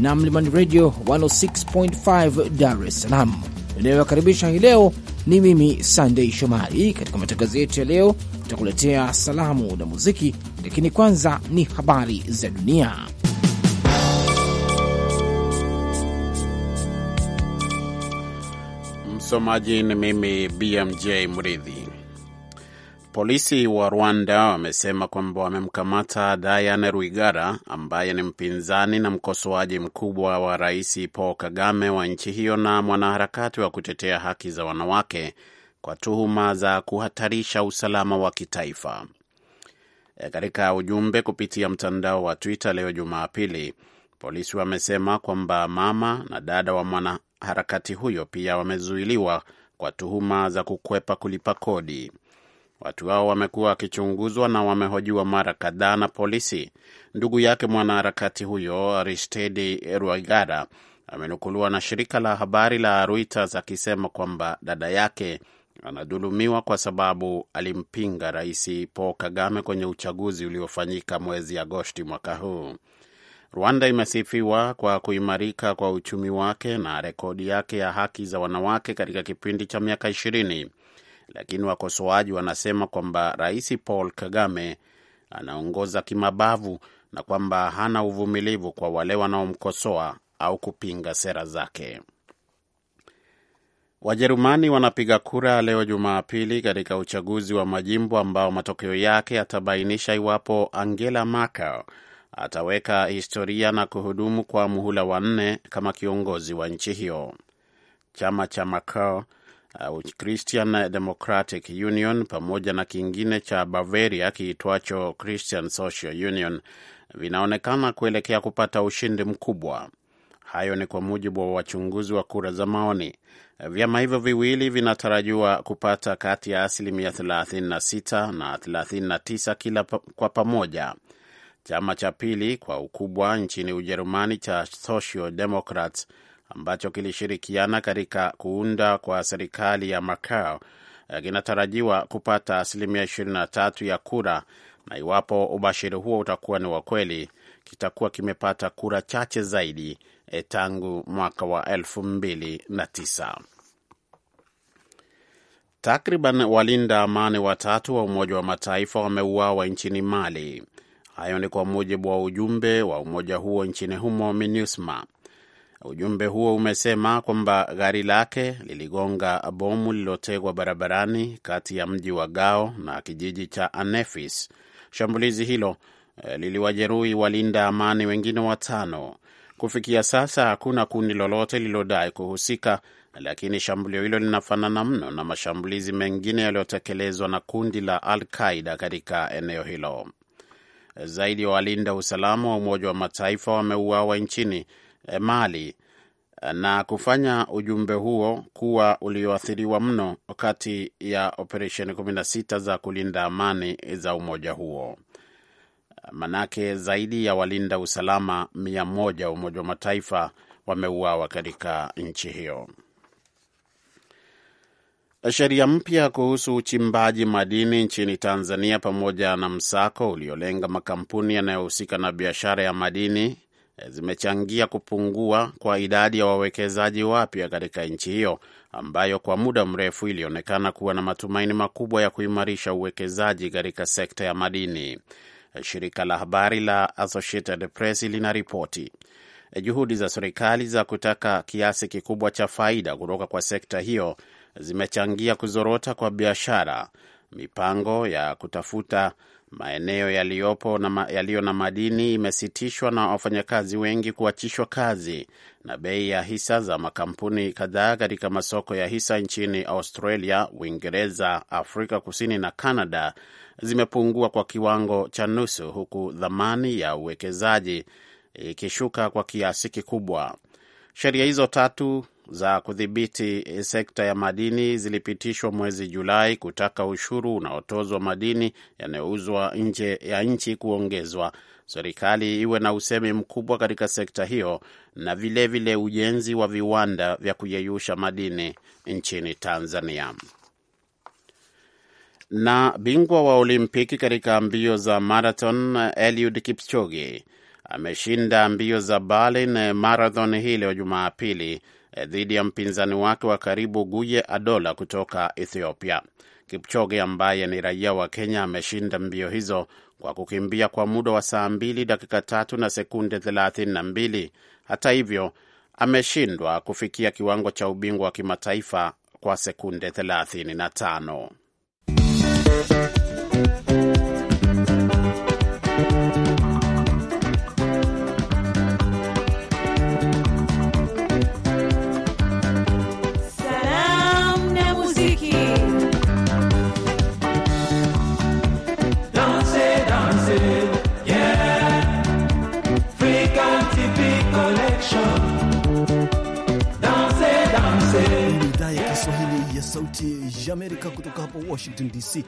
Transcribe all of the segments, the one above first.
na Mlimani Radio 106.5 Dar es Salaam. Inayowakaribisha hii leo ni mimi Sandei Shomari. Katika matangazo yetu ya leo, tutakuletea salamu na muziki, lakini kwanza ni habari za dunia. Msomaji ni mimi BMJ Mridhi. Polisi wa Rwanda wamesema kwamba wamemkamata Diane Rwigara ambaye ni mpinzani na mkosoaji mkubwa wa Rais Paul Kagame wa nchi hiyo na mwanaharakati wa kutetea haki za wanawake kwa tuhuma za kuhatarisha usalama wa kitaifa. E, katika ujumbe kupitia mtandao wa Twitter leo Jumapili, polisi wamesema kwamba mama na dada wa mwanaharakati huyo pia wamezuiliwa kwa tuhuma za kukwepa kulipa kodi. Watu hao wamekuwa wakichunguzwa na wamehojiwa mara kadhaa na polisi. Ndugu yake mwanaharakati huyo aristedi ruagada amenukuliwa na shirika la habari la Reuters akisema kwamba dada yake anadhulumiwa kwa sababu alimpinga Rais Paul Kagame kwenye uchaguzi uliofanyika mwezi Agosti mwaka huu. Rwanda imesifiwa kwa kuimarika kwa uchumi wake na rekodi yake ya haki za wanawake katika kipindi cha miaka ishirini lakini wakosoaji wanasema kwamba Rais Paul Kagame anaongoza kimabavu na kwamba hana uvumilivu kwa wale wanaomkosoa au kupinga sera zake. Wajerumani wanapiga kura leo Jumapili katika uchaguzi wa majimbo ambao matokeo yake yatabainisha iwapo Angela Merkel ataweka historia na kuhudumu kwa muhula wa nne kama kiongozi wa nchi hiyo. Chama cha Merkel uh, Christian Democratic Union pamoja na kingine cha Bavaria kiitwacho Christian Social Union vinaonekana kuelekea kupata ushindi mkubwa. Hayo ni kwa mujibu wa wachunguzi wa kura za maoni. Vyama hivyo viwili vinatarajiwa kupata kati ya asilimia 36 na 39 kila kwa pamoja. Chama cha pili kwa ukubwa nchini Ujerumani cha Social Democrats ambacho kilishirikiana katika kuunda kwa serikali ya macao eh, kinatarajiwa kupata asilimia 23 ya kura, na iwapo ubashiri huo utakuwa ni wa kweli, kitakuwa kimepata kura chache zaidi eh, tangu mwaka wa 2009. Takriban walinda amani watatu wa Umoja wa Mataifa wameuawa nchini Mali. Hayo ni kwa mujibu wa ujumbe wa umoja huo nchini humo, MINUSMA. Ujumbe huo umesema kwamba gari lake liligonga bomu lililotegwa barabarani kati ya mji wa Gao na kijiji cha Anefis. Shambulizi hilo eh, liliwajeruhi walinda amani wengine watano. Kufikia sasa hakuna kundi lolote lililodai kuhusika, lakini shambulio hilo linafanana mno na mashambulizi mengine yaliyotekelezwa na kundi la Al Qaida katika eneo hilo. Zaidi ya walinda usalama wa Umoja wa Mataifa wameuawa nchini Eh, mali eh, na kufanya ujumbe huo kuwa ulioathiriwa mno kati ya operesheni 16 za kulinda amani za umoja huo. Eh, manake zaidi ya walinda usalama mia Umoja wa Mataifa wameuawa katika nchi hiyo. Sheria mpya kuhusu uchimbaji madini nchini Tanzania pamoja na msako uliolenga makampuni yanayohusika na biashara ya madini zimechangia kupungua kwa idadi ya wawekezaji wapya katika nchi hiyo ambayo kwa muda mrefu ilionekana kuwa na matumaini makubwa ya kuimarisha uwekezaji katika sekta ya madini. Shirika la habari la Associated Press linaripoti juhudi za serikali za kutaka kiasi kikubwa cha faida kutoka kwa sekta hiyo zimechangia kuzorota kwa biashara mipango ya kutafuta maeneo yaliyopo na ma, yaliyo na madini imesitishwa na wafanyakazi wengi kuachishwa kazi, na bei ya hisa za makampuni kadhaa katika masoko ya hisa nchini Australia, Uingereza, Afrika Kusini na Canada zimepungua kwa kiwango cha nusu, huku dhamani ya uwekezaji ikishuka kwa kiasi kikubwa. Sheria hizo tatu za kudhibiti e, sekta ya madini zilipitishwa mwezi Julai kutaka ushuru unaotozwa madini yanayouzwa nje ya nchi kuongezwa, serikali iwe na usemi mkubwa katika sekta hiyo na vilevile vile ujenzi wa viwanda vya kuyeyusha madini nchini Tanzania. Na bingwa wa Olimpiki katika mbio za marathon Eliud Kipchoge ameshinda mbio za Berlin marathon hii leo Jumapili Eh, dhidi ya mpinzani wake wa karibu Guye Adola kutoka Ethiopia. Kipchoge ambaye ni raia wa Kenya ameshinda mbio hizo kwa kukimbia kwa muda wa saa 2 dakika tatu na sekunde 32. Hata hivyo, ameshindwa kufikia kiwango cha ubingwa wa kimataifa kwa sekunde 35. Sauti ya Amerika kutoka hapa Washington DC.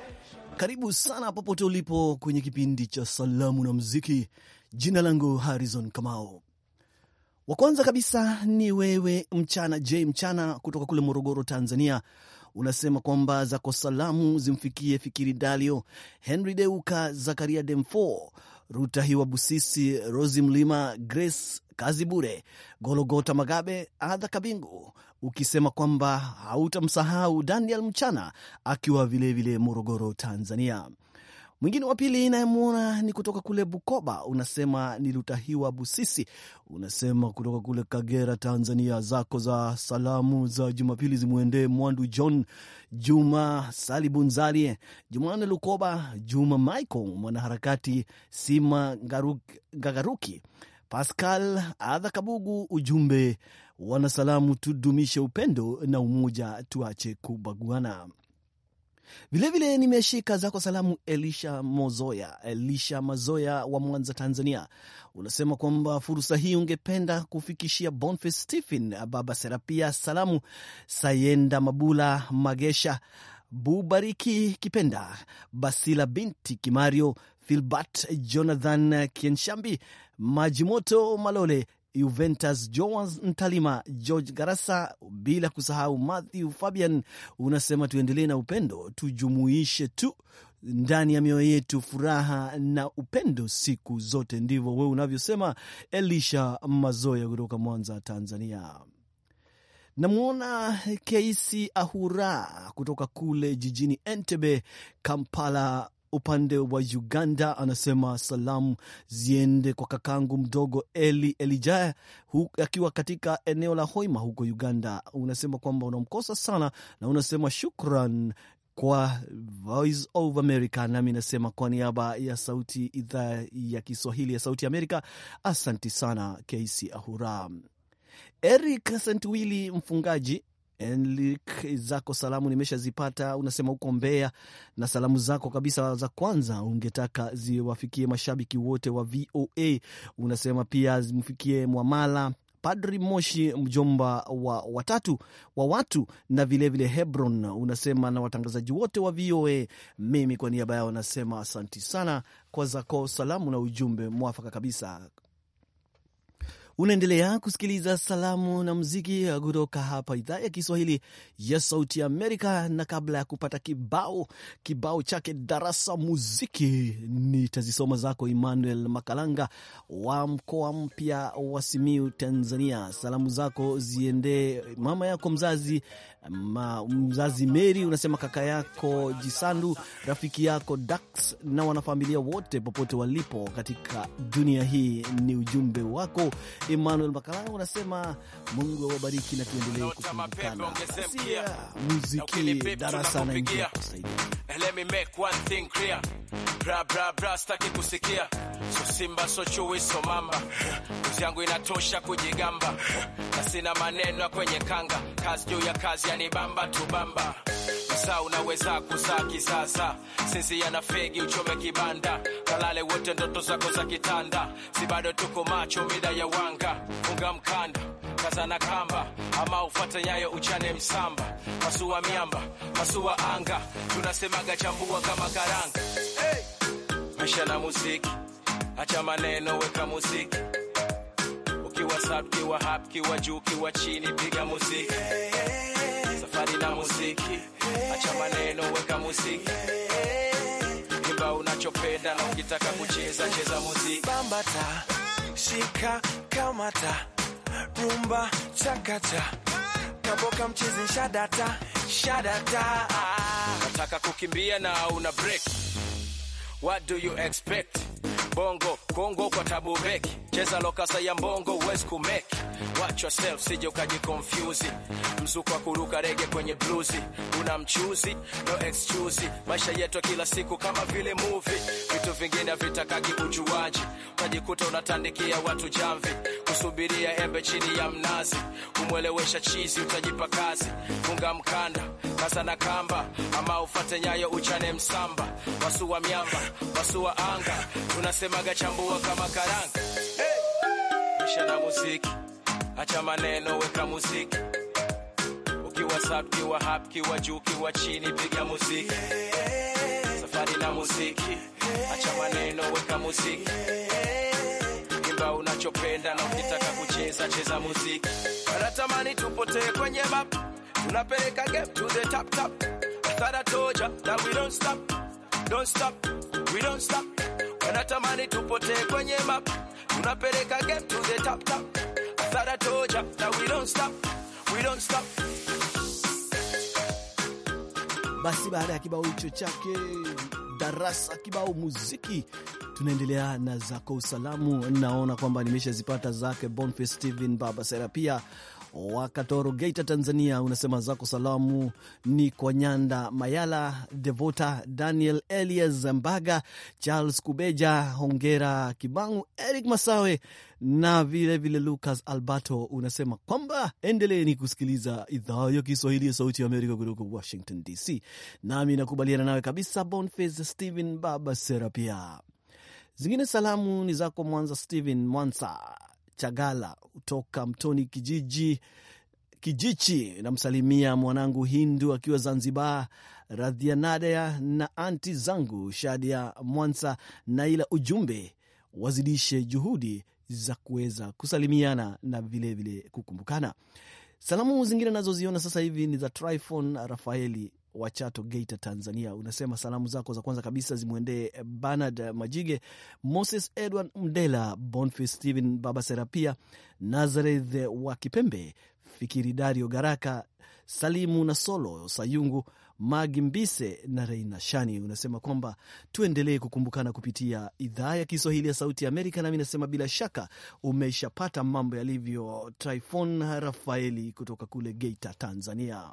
Karibu sana popote ulipo kwenye kipindi cha Salamu na Muziki. Jina langu Harrison Kamao. Wa kwanza kabisa ni wewe Mchana J Mchana kutoka kule Morogoro, Tanzania. Unasema kwamba zako salamu zimfikie Fikiri Dalio, Henry Deuka, Zakaria Demfo, Ruta Hiwa Busisi, Rosi Mlima, Grace kazi bure. Gologota Magabe Adha Kabingu ukisema kwamba hautamsahau Daniel Mchana akiwa vilevile vile Morogoro, Tanzania. Mwingine wa pili inayemwona ni kutoka kule Bukoba, unasema ni Lutahiwa Busisi, unasema kutoka kule Kagera, Tanzania. Zako za salamu za Jumapili zimwendee Mwandu John Juma, Salibunzali, Jumane Lukoba, Juma Michael, mwanaharakati Sima Ngagaruki, Pascal Adha Kabugu, ujumbe wanasalamu, tudumishe upendo na umoja, tuache kubaguana. Vilevile nimeshika zako salamu. Elisha Mozoya, Elisha Mazoya wa Mwanza, Tanzania, unasema kwamba fursa hii ungependa kufikishia bonfe Stephen, Baba Serapia salamu, Sayenda Mabula Magesha, Bubariki Kipenda, Basila binti Kimario, Philbert Jonathan Kienshambi, Majimoto Malole, Juventus Joas Ntalima, George Garasa, bila kusahau Matthew Fabian. Unasema tuendelee na upendo, tujumuishe tu ndani ya mioyo yetu furaha na upendo siku zote. Ndivyo wewe unavyosema, Elisha Mazoya kutoka Mwanza, Tanzania. Namwona Keisi Ahura kutoka kule jijini Entebbe, Kampala, upande wa Uganda anasema salamu ziende kwa kakangu mdogo Eli Elijaya akiwa katika eneo la Hoima huko Uganda. Unasema kwamba unamkosa sana na unasema shukran kwa Voice of America. Nami nasema kwa niaba ya sauti idhaa ya Kiswahili ya Sauti Amerika, asanti sana KC Ahura. Eric Sentwili mfungaji Enlik, zako salamu nimeshazipata, unasema huko Mbeya na salamu zako kabisa za kwanza ungetaka ziwafikie mashabiki wote wa VOA. Unasema pia zimfikie Mwamala Padri Moshi, mjomba wa watatu wa watu na vilevile vile Hebron, unasema na watangazaji wote wa VOA. Mimi kwa niaba yao nasema asanti sana kwa zako salamu na ujumbe mwafaka kabisa. Unaendelea kusikiliza salamu na muziki kutoka hapa idhaa ya Kiswahili ya Sauti ya Amerika, na kabla ya kupata kibao kibao chake darasa muziki, nitazisoma zako Emmanuel Makalanga wa mkoa mpya wa Simiu, Tanzania. Salamu zako ziendee mama yako mzazi Ma, mzazi Meri unasema kaka yako Jisandu, rafiki yako Dax na wanafamilia wote popote walipo katika dunia hii, ni ujumbe wako Emmanuel Makala, Unasema Mungu awabariki na tuendelee kukumbukana. muziki darasa na ingia kusaidia Bra, bra, bra, staki kusikia so simba so chui so mamba kuzi yangu inatosha kujigamba na sina maneno kwenye kanga kazi juu ya kazi yani bamba tu bamba msaa unaweza kusaa kisasa sinzia na fegi uchome kibanda kalale wote ndoto zako za kitanda si bado tuko macho mida ya wanga funga mkanda kaza na kamba ama ufata nyayo uchane msamba masua miamba masua anga tunasemaga chambua kama karanga maisha na muziki acha maneno weka muziki ukiwa sab kiwa hap kiwa juu kiwa chini piga muziki hey, hey burudani na muziki, acha maneno, weka muziki, imba unachopenda, na ukitaka kucheza cheza muziki, bambata, shika, kamata, rumba, chakata, kaboka, mchizi, shadata, shadata. Nataka kukimbia na una break, what do you expect? Bongo Kongo kwa tabu beki, cheza lokasa ya mbongo, wes kumeki watch yourself, sije ukaji confuse. Mzuko wa kuruka rege kwenye bluzi, una mchuzi no excuse. Maisha yetu kila siku kama vile movie, vitu vingine vitakaki ujuaji, utajikuta unatandikia watu jamvi, kusubiria embe chini ya mnazi, kumwelewesha chizi, utajipa kazi, funga mkanda kaza na kamba, ama ufate nyayo uchane msamba, wasua miamba, wasua anga, tunasemaga chambua kama karanga, hey! Maisha na muziki Acha maneno, weka muziki. Ukiwa sub, kiwa hap, kiwa juu, kiwa chini, piga muziki. Safari na muziki, acha maneno, weka muziki. Imba unachopenda na ukitaka kucheza, cheza muziki. Anatamani tupotee kwenye map, tunapeleka game to the top top. Thara toja that we don't stop, don't stop, we don't stop. Anatamani tupotee kwenye map, tunapeleka game to the top top that I told ya that we don't stop, we don't stop. Basi baada ya kibao hicho chake darasa kibao muziki, tunaendelea na zako usalamu. Naona kwamba nimeshazipata zake Boniface Steven Baba Serapia wa Katoro, Geita, Tanzania, unasema zako salamu ni kwa Nyanda Mayala, Devota Daniel, Elias Mbaga, Charles Kubeja, Hongera Kibangu, Eric Masawe na vilevile vile Lucas albato Unasema kwamba endeleeni kusikiliza idhaa ya Kiswahili ya Sauti ya Amerika kutoka Washington DC, nami nakubaliana nawe kabisa. Boniface Stephen Baba Serapia, zingine salamu ni zako Mwanza Stephen Mwansa Chagala kutoka Mtoni kijiji Kijichi. Namsalimia mwanangu Hindu akiwa Zanzibar, Nadea na anti zangu Shadia Mwansa na ila ujumbe wazidishe juhudi za kuweza kusalimiana na vilevile kukumbukana. Salamu zingine nazoziona sasa hivi ni za Tryphon Rafaeli wa Chato, Geita, Tanzania. Unasema salamu zako za kwanza kabisa zimwendee eh, Bernard Majige, Moses Edward Mdela, Bonface Stephen, Baba Serapia, Nazareth wa Kipembe, Fikiri Dario Garaka, Salimu na Solo Sayungu, Magi Mbise na Reina Shani. Unasema kwamba tuendelee kukumbukana kupitia idhaa ya Kiswahili ya Sauti ya Amerika, nami nasema bila shaka umeshapata mambo yalivyo. Tryfon Rafaeli kutoka kule Geita, Tanzania.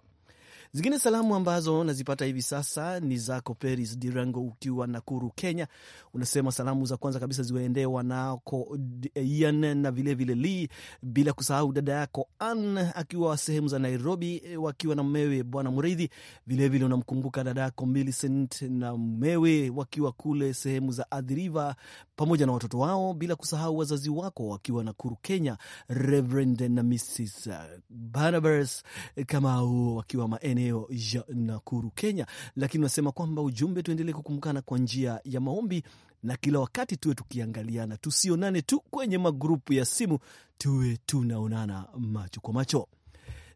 Zingine salamu ambazo nazipata hivi sasa ni zako Peris Dirango ukiwa Nakuru, Kenya. Unasema salamu za kwanza kabisa ziwaendee wanako Ian na vilevile Li, bila kusahau dada yako Ann akiwa sehemu za Nairobi e, wakiwa na mmewe Bwana Mridhi. Vilevile unamkumbuka dada yako Millicent na mmewe wakiwa kule sehemu za Adhiriva pamoja na watoto wao, bila kusahau wazazi wako wakiwa Nakuru, Kenya, Reverend na Mrs Barnabas Kamau wakiwa maeneo maeneo ya Nakuru, Kenya, lakini unasema kwamba ujumbe, tuendelee kukumbukana kwa njia ya maombi na kila wakati tuwe tukiangaliana, tusionane tu kwenye magrupu ya simu, tuwe tunaonana macho kwa macho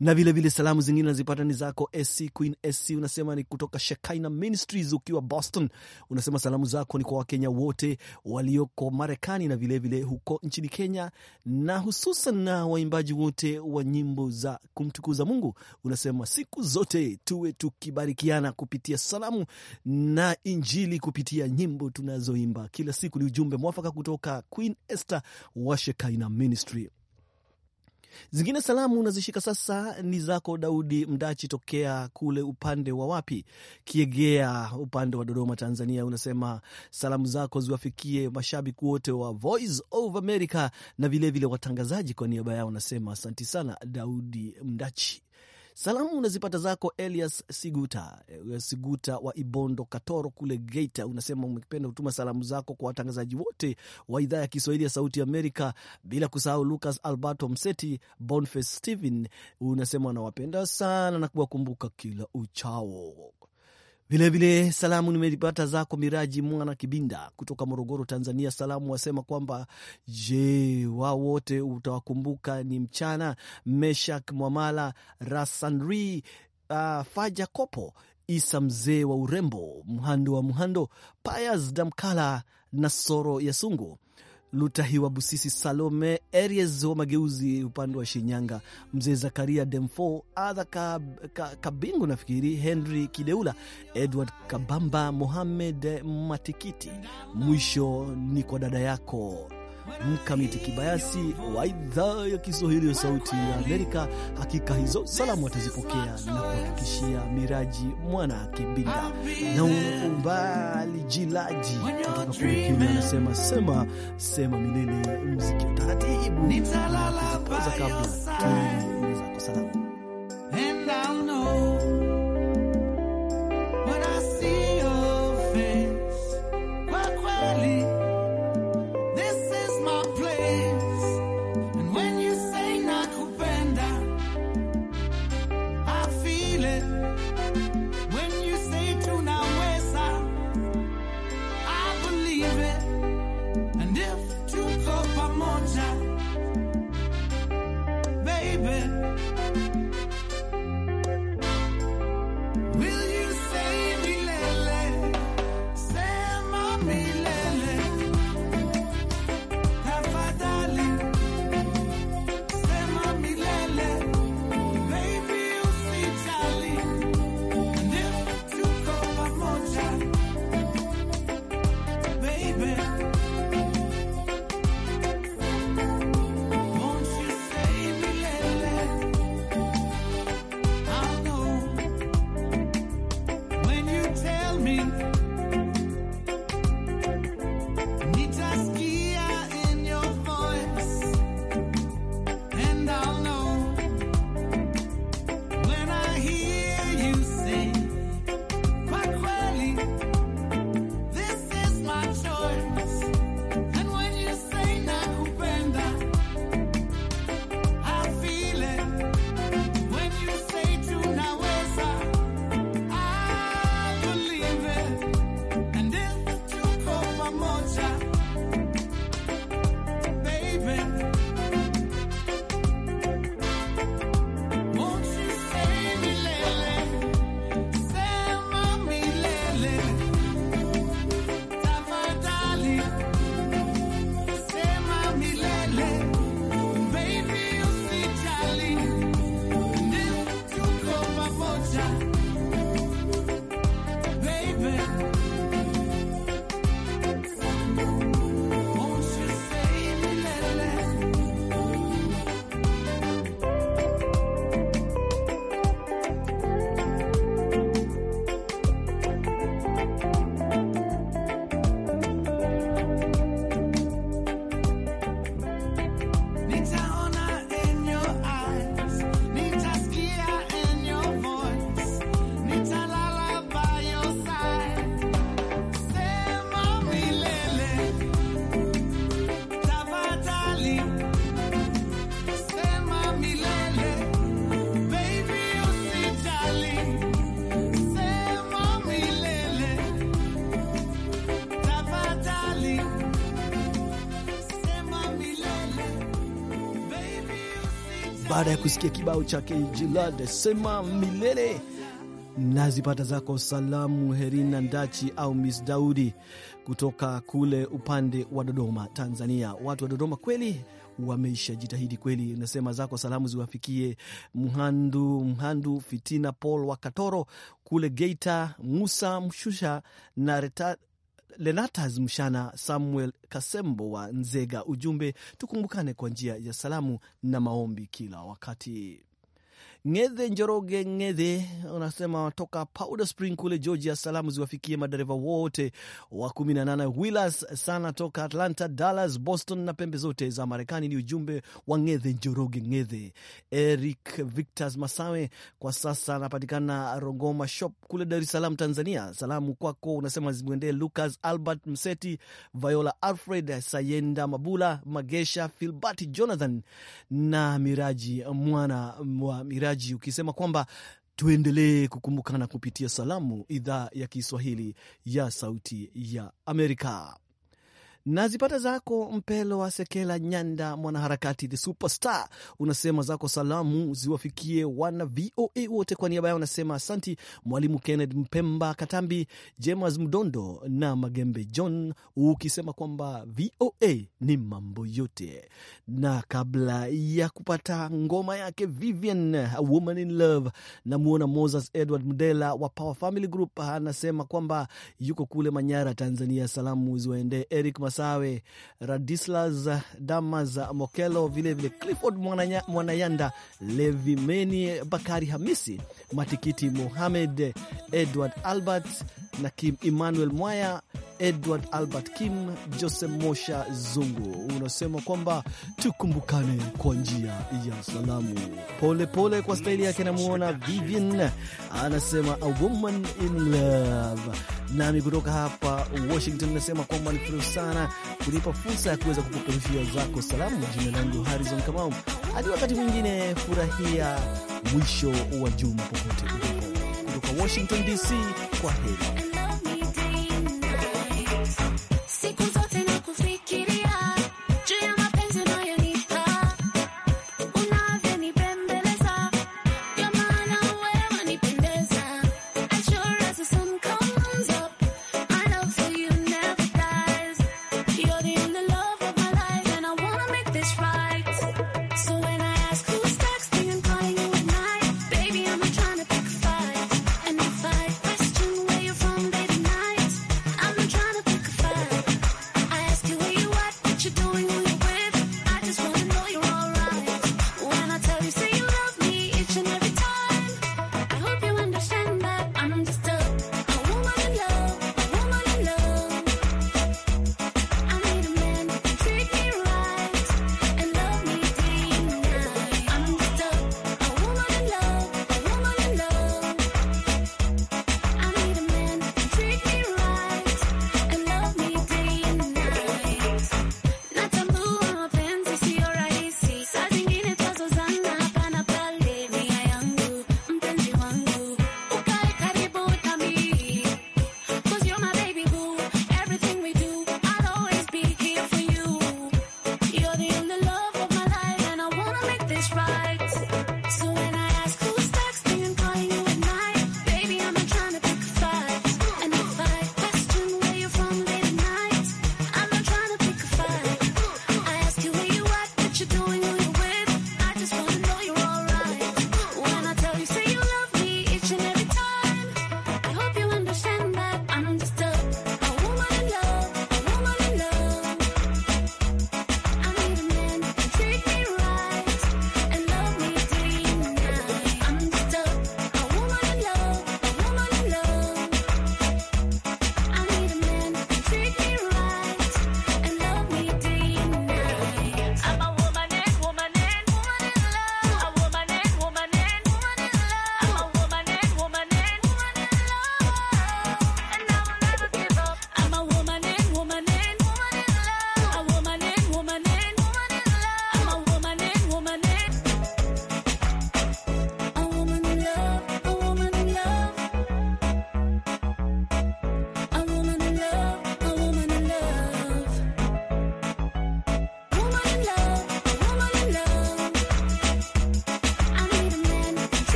na vilevile salamu zingine nazipata ni zako SC Queen SC, unasema ni kutoka Shekaina Ministries ukiwa Boston. Unasema salamu zako ni kwa Wakenya wote walioko Marekani na vilevile vile huko nchini Kenya, na hususan na waimbaji wote wa nyimbo za kumtukuza Mungu. Unasema siku zote tuwe tukibarikiana kupitia salamu na Injili kupitia nyimbo tunazoimba kila siku. Ni ujumbe mwafaka kutoka Queen Esther wa Shekaina Ministry. Zingine salamu nazishika sasa, ni zako Daudi Mdachi tokea kule upande wa wapi, Kiegea, upande wa Dodoma, Tanzania. Unasema salamu zako ziwafikie mashabiki wote wa Voice of America na vilevile vile watangazaji. Kwa niaba yao unasema asanti sana Daudi Mdachi. Salamu unazipata zako Elias Siguta, eh, Siguta wa Ibondo Katoro kule Geita. Unasema umependa kutuma salamu zako kwa watangazaji wote wa idhaa ya Kiswahili ya Sauti Amerika, bila kusahau Lucas Alberto Mseti, Boniface stehen Unasema anawapenda sana na kuwakumbuka kila uchao. Vilevile salamu nimezipata zako Miraji Mwana Kibinda kutoka Morogoro, Tanzania. Salamu wasema kwamba je, wao wote utawakumbuka ni mchana Meshak Mwamala, Rasanri uh, Faja Kopo, Isa mzee wa urembo, Mhando wa Mhando, Payas Damkala na Soro ya Sungu. Lutahiwa Busisi, Salome Aries wa Mageuzi upande wa Shinyanga, mzee Zakaria Demfo, Adha Kabingu, ka, nafikiri Henry Kideula, Edward Kabamba, Mohamed Matikiti. Mwisho ni kwa dada yako Mkamiti Kibayasi wa idhaa ya Kiswahili ya Sauti ya Amerika. Hakika hizo salamu atazipokea na kuhakikishia Miraji Mwana Kibinda na umbali jilaji kutoka kule anasema sema sema milele, mziki utaratibu kabla tuweza kusalamu baada ya kusikia kibao cha Jilad sema milele nazipata zako salamu Herina Ndachi au Miss Daudi kutoka kule upande wa Dodoma, Tanzania. Watu wa Dodoma kweli wameisha jitahidi kweli. Nasema zako salamu ziwafikie Mhandu Mhandu Fitina Paul Wakatoro kule Geita, Musa Mshusha na Lenatas Mshana, Samuel Kasembo wa Nzega. Ujumbe, tukumbukane kwa njia ya salamu na maombi kila wakati. Ng'ethe Njoroge Ng'ethe unasema toka Powder Spring kule Georgia. Salamu ziwafikie madereva wote wa 18 wheelers sana toka Atlanta, Dallas, Boston na pembe zote za Marekani. Ni ujumbe wa Ng'ethe Njoroge Ng'ethe. Eric Victas Masawe kwa sasa anapatikana Rogoma Shop kule Dar es Salaam, Tanzania. Salamu kwako unasema zimwendee Lucas Albert Mseti, Viola Alfred Sayenda, Mabula Magesha, Filbert Jonathan na Miraji mwana wa Miraji msikilizaji ukisema kwamba tuendelee kukumbukana kupitia salamu idhaa ya Kiswahili ya Sauti ya Amerika na zipata zako Mpelo wa Sekela Nyanda, mwanaharakati the superstar, unasema zako salamu ziwafikie wana VOA wote. Kwa niaba yao unasema asanti Mwalimu Kenneth Mpemba Katambi, James Mdondo na Magembe John, ukisema kwamba VOA ni mambo yote. Na kabla ya kupata ngoma yake Vivian, A Woman in Love, namwona Moses Edward Mdela wa Power Family Group anasema kwamba yuko kule Manyara, Tanzania. Salamu ziwaendee Eric Mas Masawe, Radislas Damas Mokelo, vilevile Clifford Mwanayanda, Levimeni Bakari Hamisi, Matikiti Mohamed, Edward Albert na Kim Emmanuel Mwaya, Edward Albert Kim, Joseph Mosha Zungu. Unasema kwamba tukumbukane kwa njia ya salamu. Pole pole kwa staili yake, namuona Vivian anasema a woman in love. Nami kutoka hapa Washington nasema kwamba ni furaha sana kunipa fursa ya kuweza kukuperushia zako salamu. Jina langu Harrison Kamau, hadi wakati mwingine, furahia mwisho wa juma popote ulipo. Kutoka Washington DC, kwa heri.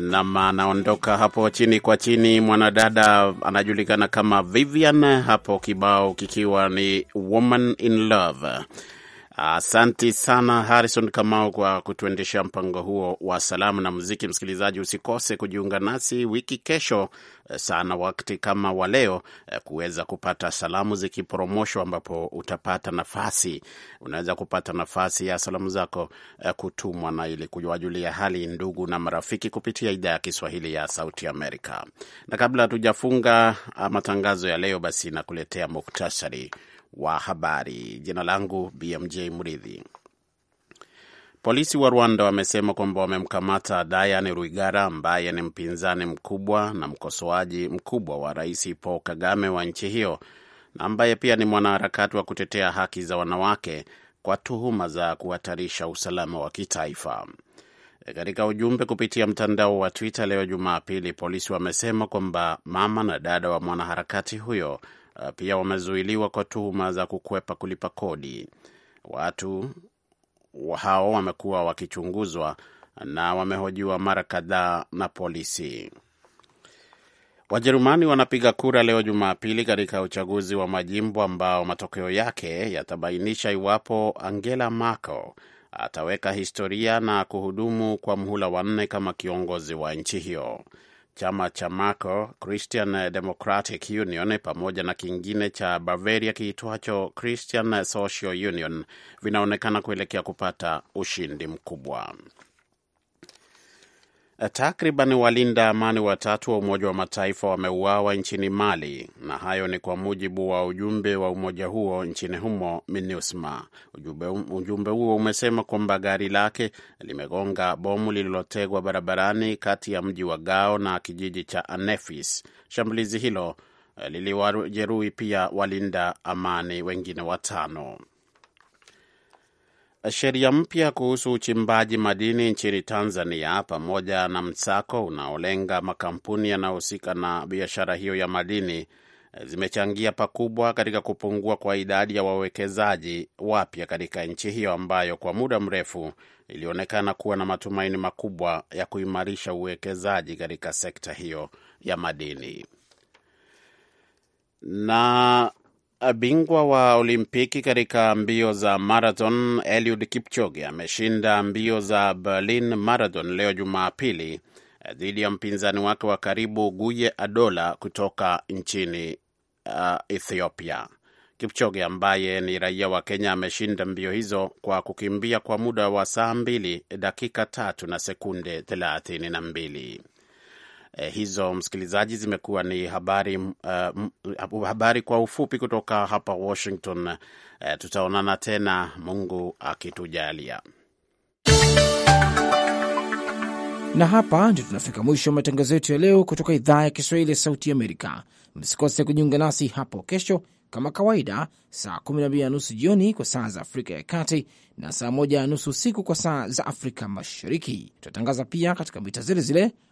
Nam anaondoka hapo chini kwa chini, mwanadada anajulikana kama Vivian, hapo kibao kikiwa ni Woman in Love. Asanti sana Harrison Kamau kwa kutuendesha mpango huo wa salamu na muziki. Msikilizaji, usikose kujiunga nasi wiki kesho eh, sana wakati kama wa leo eh, kuweza kupata salamu zikipromoshwa ambapo utapata nafasi, unaweza kupata nafasi ya salamu zako eh, kutumwa na ili kuwajulia hali ndugu na marafiki kupitia idhaa ya Kiswahili ya Sauti Amerika. Na kabla hatujafunga ah, matangazo ya leo, basi nakuletea muktasari wa habari. Jina langu BMJ Mridhi. Polisi wa Rwanda wamesema kwamba wamemkamata Diane Rwigara ambaye ni mpinzani mkubwa na mkosoaji mkubwa wa Rais Paul Kagame wa nchi hiyo na ambaye pia ni mwanaharakati wa kutetea haki za wanawake kwa tuhuma za kuhatarisha usalama wa kitaifa. Katika ujumbe kupitia mtandao wa Twitter leo Jumapili, polisi wamesema kwamba mama na dada wa mwanaharakati huyo Uh, pia wamezuiliwa kwa tuhuma za kukwepa kulipa kodi. Watu hao wamekuwa wakichunguzwa na wamehojiwa mara kadhaa na polisi. Wajerumani wanapiga kura leo Jumapili katika uchaguzi wa majimbo ambao matokeo yake yatabainisha iwapo Angela Merkel ataweka historia na kuhudumu kwa mhula wa nne kama kiongozi wa nchi hiyo. Chama cha Marco Christian Democratic Union pamoja na kingine cha Bavaria kiitwacho Christian Social Union vinaonekana kuelekea kupata ushindi mkubwa. Takriban walinda amani watatu wa Umoja wa Mataifa wameuawa nchini Mali, na hayo ni kwa mujibu wa ujumbe wa umoja huo nchini humo, MINUSMA. Ujumbe, um, ujumbe huo umesema kwamba gari lake limegonga bomu lililotegwa barabarani kati ya mji wa Gao na kijiji cha Anefis. Shambulizi hilo liliwajeruhi pia walinda amani wengine watano. Sheria mpya kuhusu uchimbaji madini nchini Tanzania pamoja na msako unaolenga makampuni yanayohusika na, na biashara hiyo ya madini eh, zimechangia pakubwa katika kupungua kwa idadi ya wawekezaji wapya katika nchi hiyo ambayo kwa muda mrefu ilionekana kuwa na matumaini makubwa ya kuimarisha uwekezaji katika sekta hiyo ya madini. Na Bingwa wa Olimpiki katika mbio za marathon Eliud Kipchoge ameshinda mbio za Berlin Marathon leo Jumapili eh, dhidi ya mpinzani wake wa karibu Guye Adola kutoka nchini uh, Ethiopia. Kipchoge ambaye ni raia wa Kenya ameshinda mbio hizo kwa kukimbia kwa muda wa saa mbili dakika tatu na sekunde thelathini na mbili eh, hizo msikilizaji, zimekuwa ni habari, uh, habari kwa ufupi kutoka hapa Washington. Eh, tutaonana tena Mungu akitujalia. Na hapa ndio tunafika mwisho wa matangazo yetu ya leo kutoka idhaa ya Kiswahili ya Sauti Amerika. Msikose kujiunga nasi hapo kesho kama kawaida, saa 12 na nusu jioni kwa saa za Afrika ya Kati na saa 1 na nusu usiku kwa saa za Afrika Mashariki. Tutatangaza pia katika mita zile zile